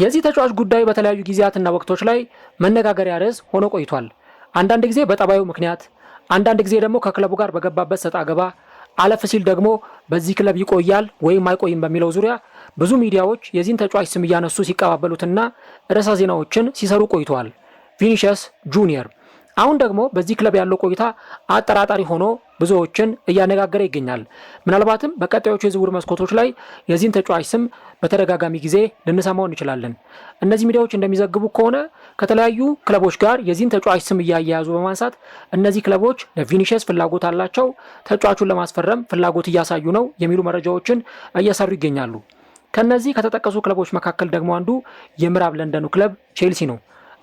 የዚህ ተጫዋች ጉዳይ በተለያዩ ጊዜያትና ወቅቶች ላይ መነጋገሪያ ርዕስ ሆኖ ቆይቷል። አንዳንድ ጊዜ በጠባዩ ምክንያት፣ አንዳንድ ጊዜ ደግሞ ከክለቡ ጋር በገባበት ሰጥ አገባ አለፍ ሲል ደግሞ በዚህ ክለብ ይቆያል ወይም አይቆይም በሚለው ዙሪያ ብዙ ሚዲያዎች የዚህን ተጫዋች ስም እያነሱ ሲቀባበሉትና ርዕሰ ዜናዎችን ሲሰሩ ቆይተዋል። ቪኒሽስ ጁኒየር አሁን ደግሞ በዚህ ክለብ ያለው ቆይታ አጠራጣሪ ሆኖ ብዙዎችን እያነጋገረ ይገኛል። ምናልባትም በቀጣዮቹ የዝውውር መስኮቶች ላይ የዚህን ተጫዋች ስም በተደጋጋሚ ጊዜ ልንሰማው እንችላለን። እነዚህ ሚዲያዎች እንደሚዘግቡ ከሆነ ከተለያዩ ክለቦች ጋር የዚህን ተጫዋች ስም እያያያዙ በማንሳት እነዚህ ክለቦች ለቪኒሽስ ፍላጎት አላቸው፣ ተጫዋቹን ለማስፈረም ፍላጎት እያሳዩ ነው የሚሉ መረጃዎችን እየሰሩ ይገኛሉ። ከነዚህ ከተጠቀሱ ክለቦች መካከል ደግሞ አንዱ የምዕራብ ለንደኑ ክለብ ቼልሲ ነው።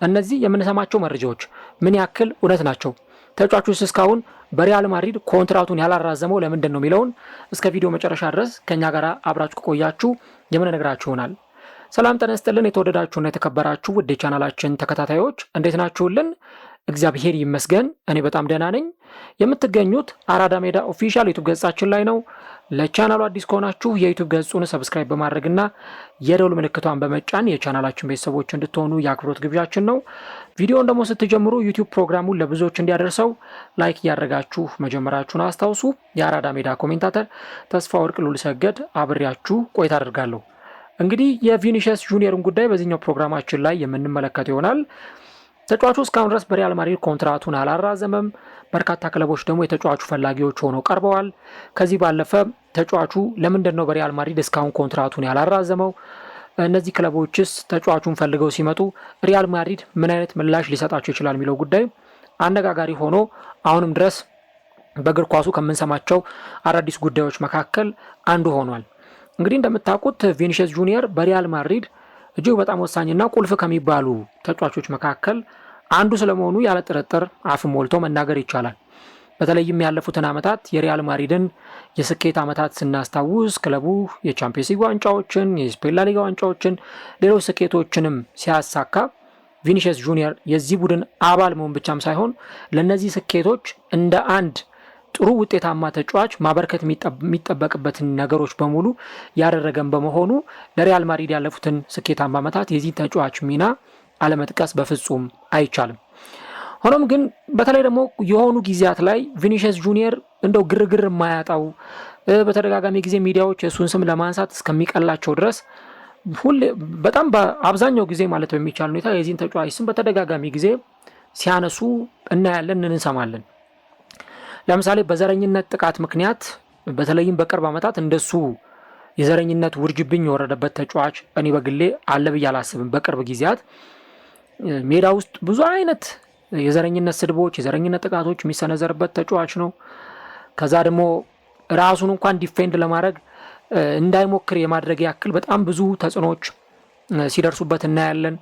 እነዚህ የምንሰማቸው መረጃዎች ምን ያክል እውነት ናቸው? ተጫዋቹስ እስካሁን በሪያል ማድሪድ ኮንትራቱን ያላራዘመው ለምንድን ነው የሚለውን እስከ ቪዲዮ መጨረሻ ድረስ ከእኛ ጋር አብራችሁ ከቆያችሁ የምንነግራችሁ ይሆናል። ሰላም ጤና ይስጥልን የተወደዳችሁና የተከበራችሁ ውድ የቻናላችን ተከታታዮች እንዴት ናችሁልን? እግዚአብሔር ይመስገን እኔ በጣም ደህና ነኝ። የምትገኙት አራዳ ሜዳ ኦፊሻል ዩቱብ ገጻችን ላይ ነው። ለቻናሉ አዲስ ከሆናችሁ የዩቱብ ገጹን ሰብስክራይብ በማድረግና የደውል ምልክቷን በመጫን የቻናላችን ቤተሰቦች እንድትሆኑ የአክብሮት ግብዣችን ነው። ቪዲዮን ደግሞ ስትጀምሩ ዩቱብ ፕሮግራሙን ለብዙዎች እንዲያደርሰው ላይክ እያደረጋችሁ መጀመራችሁን አስታውሱ። የአራዳ ሜዳ ኮሜንታተር ተስፋ ወርቅ ሉልሰገድ ሰገድ አብሬያችሁ ቆይታ አደርጋለሁ። እንግዲህ የቪኒሽስ ጁኒየርን ጉዳይ በዚህኛው ፕሮግራማችን ላይ የምንመለከት ይሆናል። ተጫዋቹ እስካሁን ድረስ በሪያል ማድሪድ ኮንትራቱን አላራዘመም። በርካታ ክለቦች ደግሞ የተጫዋቹ ፈላጊዎች ሆነው ቀርበዋል። ከዚህ ባለፈ ተጫዋቹ ለምንድን ነው በሪያል ማድሪድ እስካሁን ኮንትራቱን ያላራዘመው? እነዚህ ክለቦችስ ተጫዋቹን ፈልገው ሲመጡ ሪያል ማድሪድ ምን አይነት ምላሽ ሊሰጣቸው ይችላል የሚለው ጉዳይ አነጋጋሪ ሆኖ አሁንም ድረስ በእግር ኳሱ ከምንሰማቸው አዳዲስ ጉዳዮች መካከል አንዱ ሆኗል። እንግዲህ እንደምታውቁት ቪኒሽስ ጁኒየር በሪያል ማድሪድ እጅግ በጣም ወሳኝና ቁልፍ ከሚባሉ ተጫዋቾች መካከል አንዱ ስለመሆኑ ያለ ጥርጥር አፍ ሞልቶ መናገር ይቻላል። በተለይም ያለፉትን ዓመታት የሪያል ማድሪድን የስኬት ዓመታት ስናስታውስ ክለቡ የቻምፒየንስ ሊግ ዋንጫዎችን፣ የስፔን ላሊጋ ዋንጫዎችን፣ ሌሎች ስኬቶችንም ሲያሳካ ቪኒሽስ ጁኒየር የዚህ ቡድን አባል መሆን ብቻም ሳይሆን ለእነዚህ ስኬቶች እንደ አንድ ጥሩ ውጤታማ ተጫዋች ማበርከት የሚጠበቅበትን ነገሮች በሙሉ ያደረገን በመሆኑ ለሪያል ማድሪድ ያለፉትን ስኬታማ ዓመታት የዚህ ተጫዋች ሚና አለመጥቀስ በፍጹም አይቻልም። ሆኖም ግን በተለይ ደግሞ የሆኑ ጊዜያት ላይ ቪኒሽስ ጁኒየር እንደው ግርግር የማያጣው በተደጋጋሚ ጊዜ ሚዲያዎች የእሱን ስም ለማንሳት እስከሚቀላቸው ድረስ ሁሌ በጣም በአብዛኛው ጊዜ ማለት በሚቻል ሁኔታ የዚህን ተጫዋች ስም በተደጋጋሚ ጊዜ ሲያነሱ እናያለን፣ እንሰማለን። ለምሳሌ በዘረኝነት ጥቃት ምክንያት በተለይም በቅርብ ዓመታት እንደሱ የዘረኝነት ውርጅብኝ የወረደበት ተጫዋች እኔ በግሌ አለ ብዬ አላስብም። በቅርብ ጊዜያት ሜዳ ውስጥ ብዙ አይነት የዘረኝነት ስድቦች፣ የዘረኝነት ጥቃቶች የሚሰነዘርበት ተጫዋች ነው። ከዛ ደግሞ ራሱን እንኳን ዲፌንድ ለማድረግ እንዳይሞክር የማድረግ ያክል በጣም ብዙ ተጽዕኖዎች ሲደርሱበት እናያለን።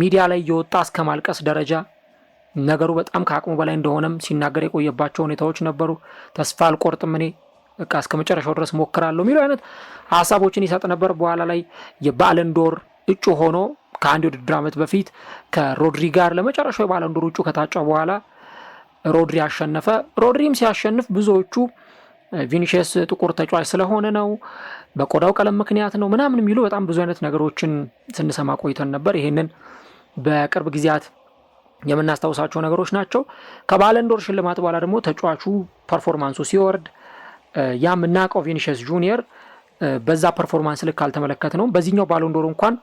ሚዲያ ላይ እየወጣ እስከ ማልቀስ ደረጃ ነገሩ በጣም ከአቅሙ በላይ እንደሆነም ሲናገር የቆየባቸው ሁኔታዎች ነበሩ። ተስፋ አልቆርጥም እኔ በቃ እስከ መጨረሻው ድረስ ሞክራለሁ የሚለው አይነት ሀሳቦችን ይሰጥ ነበር። በኋላ ላይ የባለንዶር እጩ ሆኖ ከአንድ ውድድር ዓመት በፊት ከሮድሪ ጋር ለመጨረሻው የባለንዶር እጩ ከታጫ በኋላ ሮድሪ አሸነፈ። ሮድሪም ሲያሸንፍ ብዙዎቹ ቪኒሽስ ጥቁር ተጫዋች ስለሆነ ነው፣ በቆዳው ቀለም ምክንያት ነው ምናምን የሚሉ በጣም ብዙ አይነት ነገሮችን ስንሰማ ቆይተን ነበር። ይህንን በቅርብ ጊዜያት የምናስታውሳቸው ነገሮች ናቸው። ከባለንዶር ሽልማት በኋላ ደግሞ ተጫዋቹ ፐርፎርማንሱ ሲወርድ ያ የምናውቀው ቪኒሽስ ጁኒየር በዛ ፐርፎርማንስ ልክ አልተመለከት ነው። በዚህኛው ባለንዶር እንኳን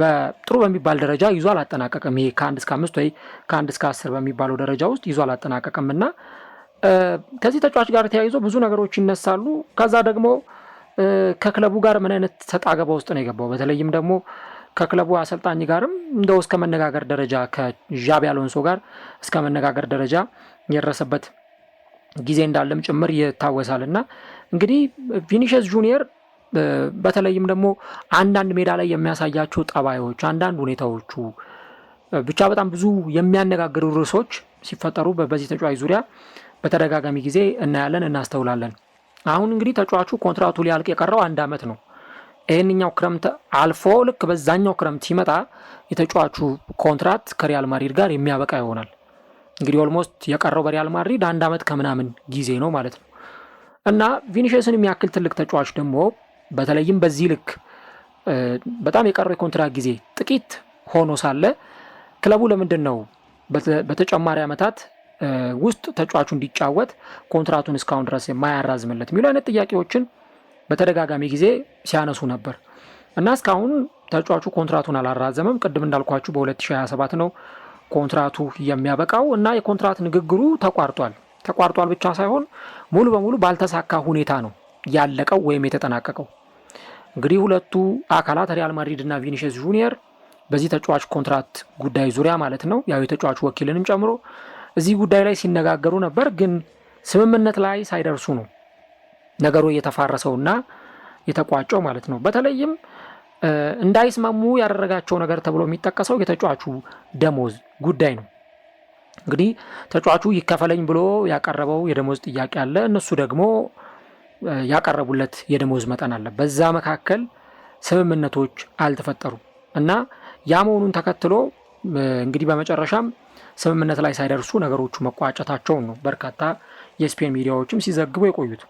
በጥሩ በሚባል ደረጃ ይዞ አላጠናቀቅም። ይሄ ከአንድ እስከ አምስት ወይ ከአንድ እስከ አስር በሚባለው ደረጃ ውስጥ ይዞ አላጠናቀቅም እና ከዚህ ተጫዋች ጋር ተያይዞ ብዙ ነገሮች ይነሳሉ። ከዛ ደግሞ ከክለቡ ጋር ምን አይነት ሰጣ ገባ ውስጥ ነው የገባው በተለይም ደግሞ ከክለቡ አሰልጣኝ ጋርም እንደው እስከ መነጋገር ደረጃ ከዣቢ አሎንሶ ጋር እስከ መነጋገር ደረጃ የደረሰበት ጊዜ እንዳለም ጭምር ይታወሳል። እና እንግዲህ ቪኒሽስ ጁኒየር በተለይም ደግሞ አንዳንድ ሜዳ ላይ የሚያሳያቸው ጠባዮች፣ አንዳንድ ሁኔታዎቹ ብቻ በጣም ብዙ የሚያነጋግሩ ርዕሶች ሲፈጠሩ በዚህ ተጫዋች ዙሪያ በተደጋጋሚ ጊዜ እናያለን፣ እናስተውላለን። አሁን እንግዲህ ተጫዋቹ ኮንትራቱ ሊያልቅ የቀረው አንድ ዓመት ነው። ይህንኛው ክረምት አልፎ ልክ በዛኛው ክረምት ሲመጣ የተጫዋቹ ኮንትራት ከሪያል ማድሪድ ጋር የሚያበቃ ይሆናል። እንግዲህ ኦልሞስት የቀረው በሪያል ማድሪድ አንድ ዓመት ከምናምን ጊዜ ነው ማለት ነው እና ቪኒሽስን የሚያክል ትልቅ ተጫዋች ደግሞ በተለይም በዚህ ልክ በጣም የቀረው የኮንትራት ጊዜ ጥቂት ሆኖ ሳለ ክለቡ ለምንድን ነው በተጨማሪ ዓመታት ውስጥ ተጫዋቹ እንዲጫወት ኮንትራቱን እስካሁን ድረስ የማያራዝምለት የሚሉ አይነት ጥያቄዎችን በተደጋጋሚ ጊዜ ሲያነሱ ነበር እና እስካሁን ተጫዋቹ ኮንትራቱን አላራዘመም። ቅድም እንዳልኳችሁ በ2027 ነው ኮንትራቱ የሚያበቃው እና የኮንትራት ንግግሩ ተቋርጧል። ተቋርጧል ብቻ ሳይሆን ሙሉ በሙሉ ባልተሳካ ሁኔታ ነው ያለቀው ወይም የተጠናቀቀው። እንግዲህ ሁለቱ አካላት ሪያል ማድሪድ እና ቪኒሽስ ጁኒየር በዚህ ተጫዋች ኮንትራት ጉዳይ ዙሪያ ማለት ነው ያው የተጫዋቹ ወኪልንም ጨምሮ እዚህ ጉዳይ ላይ ሲነጋገሩ ነበር፣ ግን ስምምነት ላይ ሳይደርሱ ነው ነገሩ የተፋረሰውና የተቋጨው ማለት ነው። በተለይም እንዳይስማሙ ያደረጋቸው ነገር ተብሎ የሚጠቀሰው የተጫዋቹ ደሞዝ ጉዳይ ነው። እንግዲህ ተጫዋቹ ይከፈለኝ ብሎ ያቀረበው የደሞዝ ጥያቄ አለ፣ እነሱ ደግሞ ያቀረቡለት የደሞዝ መጠን አለ። በዛ መካከል ስምምነቶች አልተፈጠሩም እና ያ መሆኑን ተከትሎ እንግዲህ በመጨረሻም ስምምነት ላይ ሳይደርሱ ነገሮቹ መቋጨታቸውን ነው በርካታ የስፔን ሚዲያዎችም ሲዘግቡ የቆዩት።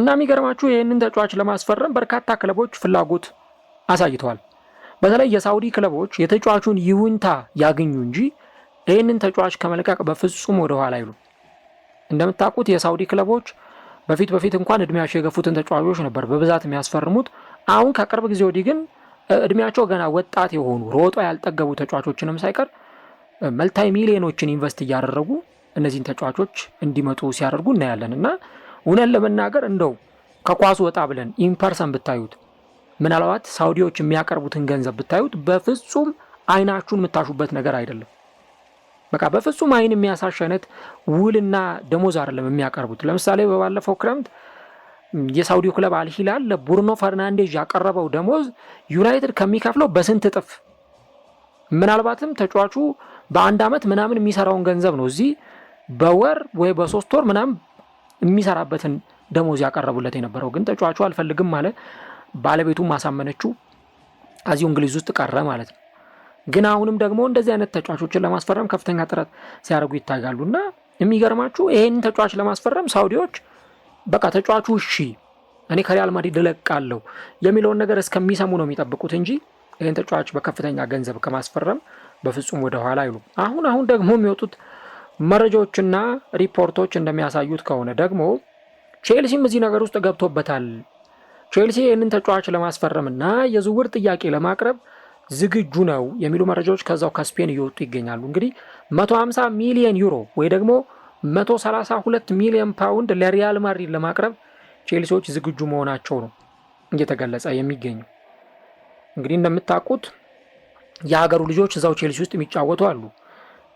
እና የሚገርማችሁ ይህንን ተጫዋች ለማስፈረም በርካታ ክለቦች ፍላጎት አሳይተዋል። በተለይ የሳውዲ ክለቦች የተጫዋቹን ይሁንታ ያገኙ እንጂ ይህንን ተጫዋች ከመልቀቅ በፍጹም ወደኋላ አይሉ። እንደምታውቁት የሳውዲ ክለቦች በፊት በፊት እንኳን እድሜያቸው የገፉትን ተጫዋቾች ነበር በብዛት የሚያስፈርሙት። አሁን ከቅርብ ጊዜ ወዲህ ግን እድሜያቸው ገና ወጣት የሆኑ ሮጦ ያልጠገቡ ተጫዋቾችንም ሳይቀር መልታይ ሚሊዮኖችን ኢንቨስት እያደረጉ እነዚህን ተጫዋቾች እንዲመጡ ሲያደርጉ እናያለን እና እውነት ለመናገር እንደው ከኳሱ ወጣ ብለን ኢምፐርሰን ብታዩት ምናልባት ሳውዲዎች የሚያቀርቡትን ገንዘብ ብታዩት በፍጹም አይናችሁን የምታሹበት ነገር አይደለም። በቃ በፍጹም አይን የሚያሳሽ አይነት ውልና ደሞዝ አይደለም የሚያቀርቡት። ለምሳሌ በባለፈው ክረምት የሳውዲው ክለብ አልሂላል ለቡርኖ ፈርናንዴዥ ያቀረበው ደሞዝ ዩናይትድ ከሚከፍለው በስንት እጥፍ ምናልባትም ተጫዋቹ በአንድ ዓመት ምናምን የሚሰራውን ገንዘብ ነው እዚህ በወር ወይ በሶስት ወር ምናምን የሚሰራበትን ደሞዝ ያቀረቡለት የነበረው ግን ተጫዋቹ አልፈልግም ማለት ባለቤቱ ማሳመነችው እዚሁ እንግሊዝ ውስጥ ቀረ ማለት ነው። ግን አሁንም ደግሞ እንደዚህ አይነት ተጫዋቾችን ለማስፈረም ከፍተኛ ጥረት ሲያደርጉ ይታያሉ እና የሚገርማችሁ ይህን ተጫዋች ለማስፈረም ሳውዲዎች በቃ ተጫዋቹ እሺ እኔ ከሪያል ማድሪድ እለቃለሁ የሚለውን ነገር እስከሚሰሙ ነው የሚጠብቁት እንጂ ይህን ተጫዋች በከፍተኛ ገንዘብ ከማስፈረም በፍጹም ወደኋላ አይሉም። አሁን አሁን ደግሞ የሚወጡት መረጃዎችና ሪፖርቶች እንደሚያሳዩት ከሆነ ደግሞ ቼልሲም እዚህ ነገር ውስጥ ገብቶበታል። ቼልሲ ይህንን ተጫዋች ለማስፈረምና የዝውውር ጥያቄ ለማቅረብ ዝግጁ ነው የሚሉ መረጃዎች ከዛው ከስፔን እየወጡ ይገኛሉ። እንግዲህ 150 ሚሊዮን ዩሮ ወይ ደግሞ 132 ሚሊዮን ፓውንድ ለሪያል ማድሪድ ለማቅረብ ቼልሲዎች ዝግጁ መሆናቸው ነው እየተገለጸ የሚገኙ። እንግዲህ እንደምታውቁት የሀገሩ ልጆች እዛው ቼልሲ ውስጥ የሚጫወቱ አሉ።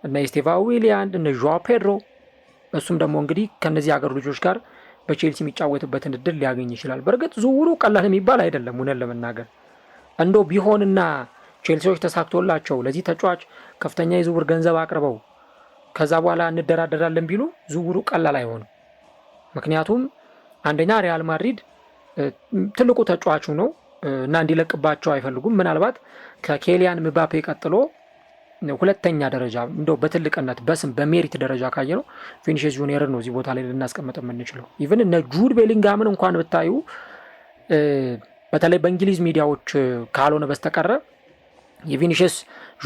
እነ ስቴቫ ዊሊያን እነ ዣ ፔድሮ እሱም ደግሞ እንግዲህ ከነዚህ ሀገር ልጆች ጋር በቼልሲ የሚጫወትበትን እድል ሊያገኝ ይችላል። በእርግጥ ዝውውሩ ቀላል የሚባል አይደለም። እውነት ለመናገር እንዶ ቢሆንና ቼልሲዎች ተሳክቶላቸው ለዚህ ተጫዋች ከፍተኛ የዝውውር ገንዘብ አቅርበው ከዛ በኋላ እንደራደራለን ቢሉ ዝውውሩ ቀላል አይሆንም። ምክንያቱም አንደኛ ሪያል ማድሪድ ትልቁ ተጫዋቹ ነው እና እንዲለቅባቸው አይፈልጉም። ምናልባት ከኬሊያን ምባፔ ቀጥሎ ሁለተኛ ደረጃ እንደው በትልቅነት በስም በሜሪት ደረጃ ካየነው ቪኒሽስ ጁኒየርን ነው እዚህ ቦታ ላይ ልናስቀምጥ የምንችለው። ኢቨን እነ ጁድ ቤሊንጋምን እንኳን ብታዩ በተለይ በእንግሊዝ ሚዲያዎች ካልሆነ በስተቀረ የቪኒሽስ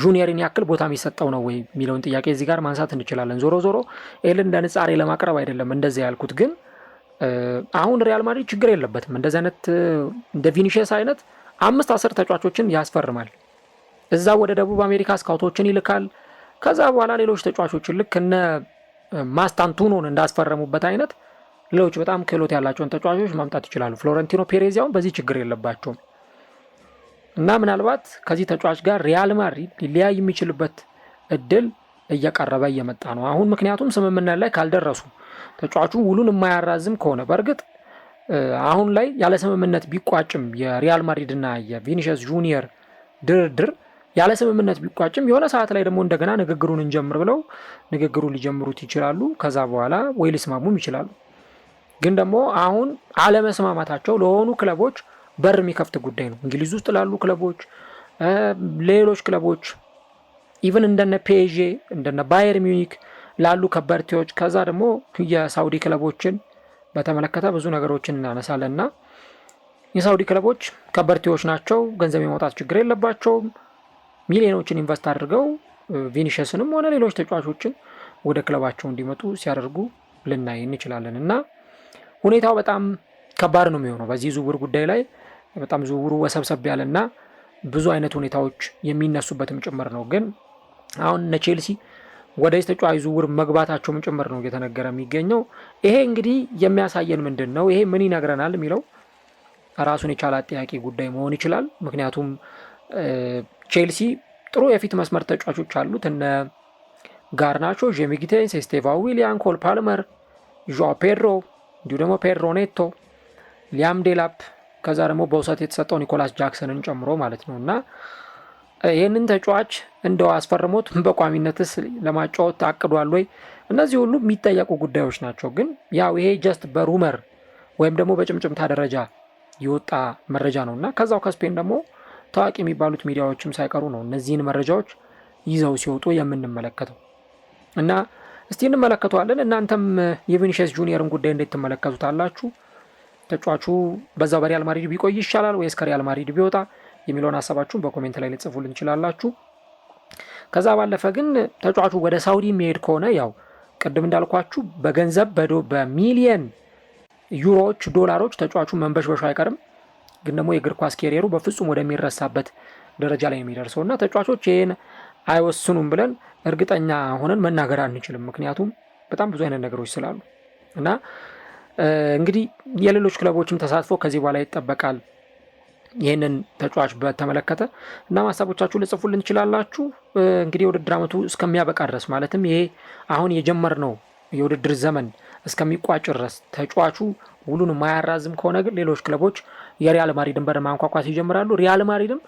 ጁኒየርን ያክል ቦታ የሚሰጠው ነው ወይ የሚለውን ጥያቄ እዚህ ጋር ማንሳት እንችላለን። ዞሮ ዞሮ ይህን እንደ ንጻሬ ለማቅረብ አይደለም እንደዚያ ያልኩት፣ ግን አሁን ሪያል ማድሪድ ችግር የለበትም እንደዚህ አይነት እንደ ቪኒሽስ አይነት አምስት አስር ተጫዋቾችን ያስፈርማል። እዛ ወደ ደቡብ አሜሪካ ስካውቶችን ይልካል። ከዛ በኋላ ሌሎች ተጫዋቾችን ልክ እነ ማስታንቱኖን እንዳስፈረሙበት አይነት ሌሎች በጣም ክህሎት ያላቸውን ተጫዋቾች ማምጣት ይችላሉ። ፍሎረንቲኖ ፔሬዝ በዚህ ችግር የለባቸውም እና ምናልባት ከዚህ ተጫዋች ጋር ሪያል ማድሪድ ሊለያይ የሚችልበት እድል እየቀረበ እየመጣ ነው አሁን። ምክንያቱም ስምምነት ላይ ካልደረሱ ተጫዋቹ ውሉን የማያራዝም ከሆነ በእርግጥ አሁን ላይ ያለ ስምምነት ቢቋጭም የሪያል ማድሪድና የቪኒሽስ ጁኒየር ድርድር ያለ ስምምነት ቢቋጭም የሆነ ሰዓት ላይ ደግሞ እንደገና ንግግሩን እንጀምር ብለው ንግግሩ ሊጀምሩት ይችላሉ። ከዛ በኋላ ወይ ሊስማሙም ይችላሉ። ግን ደግሞ አሁን አለመስማማታቸው ለሆኑ ክለቦች በር የሚከፍት ጉዳይ ነው። እንግሊዝ ውስጥ ላሉ ክለቦች፣ ሌሎች ክለቦች ኢቨን እንደነ ፔዤ እንደነ ባየር ሚኒክ ላሉ ከበርቴዎች ከዛ ደግሞ የሳውዲ ክለቦችን በተመለከተ ብዙ ነገሮችን እናነሳለን እና የሳውዲ ክለቦች ከበርቴዎች ናቸው። ገንዘብ የማውጣት ችግር የለባቸውም። ሚሊዮኖችን ኢንቨስት አድርገው ቪኒሸስንም ሆነ ሌሎች ተጫዋቾችን ወደ ክለባቸው እንዲመጡ ሲያደርጉ ልናይ እንችላለን እና ሁኔታው በጣም ከባድ ነው የሚሆነው በዚህ ዝውውር ጉዳይ ላይ በጣም ዝውውሩ ወሰብሰብ ያለ ና ብዙ አይነት ሁኔታዎች የሚነሱበትም ጭምር ነው። ግን አሁን እነ ቼልሲ ወደዚህ ተጫዋች ዝውውር መግባታቸውም ጭምር ነው እየተነገረ የሚገኘው። ይሄ እንግዲህ የሚያሳየን ምንድን ነው? ይሄ ምን ይነግረናል የሚለው ራሱን የቻለ አጠያቂ ጉዳይ መሆን ይችላል። ምክንያቱም ቼልሲ ጥሩ የፊት መስመር ተጫዋቾች አሉት። እነ ጋርናቾ፣ ዤሚጊቴንስ፣ ስቴቫ ዊሊያን፣ ኮል ፓልመር፣ ዦ ፔድሮ እንዲሁ ደግሞ ፔድሮ ኔቶ፣ ሊያም ዴላፕ ከዛ ደግሞ በውሰት የተሰጠው ኒኮላስ ጃክሰንን ጨምሮ ማለት ነው እና ይህንን ተጫዋች እንደው አስፈርሞት በቋሚነትስ ለማጫወት አቅዷል ወይ? እነዚህ ሁሉ የሚጠየቁ ጉዳዮች ናቸው። ግን ያው ይሄ ጀስት በሩመር ወይም ደግሞ በጭምጭምታ ደረጃ የወጣ መረጃ ነው እና ከዛው ከስፔን ደግሞ ታዋቂ የሚባሉት ሚዲያዎችም ሳይቀሩ ነው እነዚህን መረጃዎች ይዘው ሲወጡ የምንመለከተው እና እስቲ እንመለከተዋለን። እናንተም የቪኒሽስ ጁኒየርን ጉዳይ እንዴት ትመለከቱታላችሁ? ተጫዋቹ በዛው በሪያል ማድሪድ ቢቆይ ይሻላል ወይስ ከሪያል ማድሪድ ቢወጣ የሚለውን ሀሳባችሁን በኮሜንት ላይ ልጽፉልን እንችላላችሁ። ከዛ ባለፈ ግን ተጫዋቹ ወደ ሳውዲ የሚሄድ ከሆነ ያው ቅድም እንዳልኳችሁ በገንዘብ በሚሊየን ዩሮዎች፣ ዶላሮች ተጫዋቹ መንበሽበሹ አይቀርም። ግን ደግሞ የእግር ኳስ ኬሪየሩ በፍጹም ወደሚረሳበት ደረጃ ላይ የሚደርሰው እና ተጫዋቾች ይህን አይወስኑም ብለን እርግጠኛ ሆነን መናገር አንችልም። ምክንያቱም በጣም ብዙ አይነት ነገሮች ስላሉ እና እንግዲህ የሌሎች ክለቦችም ተሳትፎ ከዚህ በኋላ ይጠበቃል። ይህንን ተጫዋች በተመለከተ እና ማሳቦቻችሁ ልጽፉልን ትችላላችሁ። እንግዲህ የውድድር ዓመቱ እስከሚያበቃ ድረስ ማለትም ይሄ አሁን የጀመርነው የውድድር ዘመን እስከሚቋጭ ድረስ ተጫዋቹ ውሉን ማያራዝም ከሆነ ግን ሌሎች ክለቦች የሪያል ማድሪድን በር ማንኳኳት ይጀምራሉ። ሪያል ማድሪድም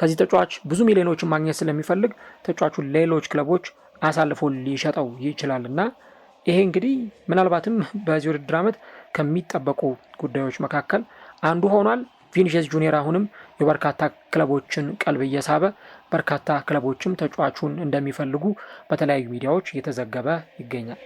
ከዚህ ተጫዋች ብዙ ሚሊዮኖችን ማግኘት ስለሚፈልግ ተጫዋቹን ሌሎች ክለቦች አሳልፎ ሊሸጠው ይችላል እና ይሄ እንግዲህ ምናልባትም በዚህ ውድድር ዓመት ከሚጠበቁ ጉዳዮች መካከል አንዱ ሆኗል። ቪኒሽስ ጁኒየር አሁንም የበርካታ ክለቦችን ቀልብ እየሳበ በርካታ ክለቦችም ተጫዋቹን እንደሚፈልጉ በተለያዩ ሚዲያዎች እየተዘገበ ይገኛል።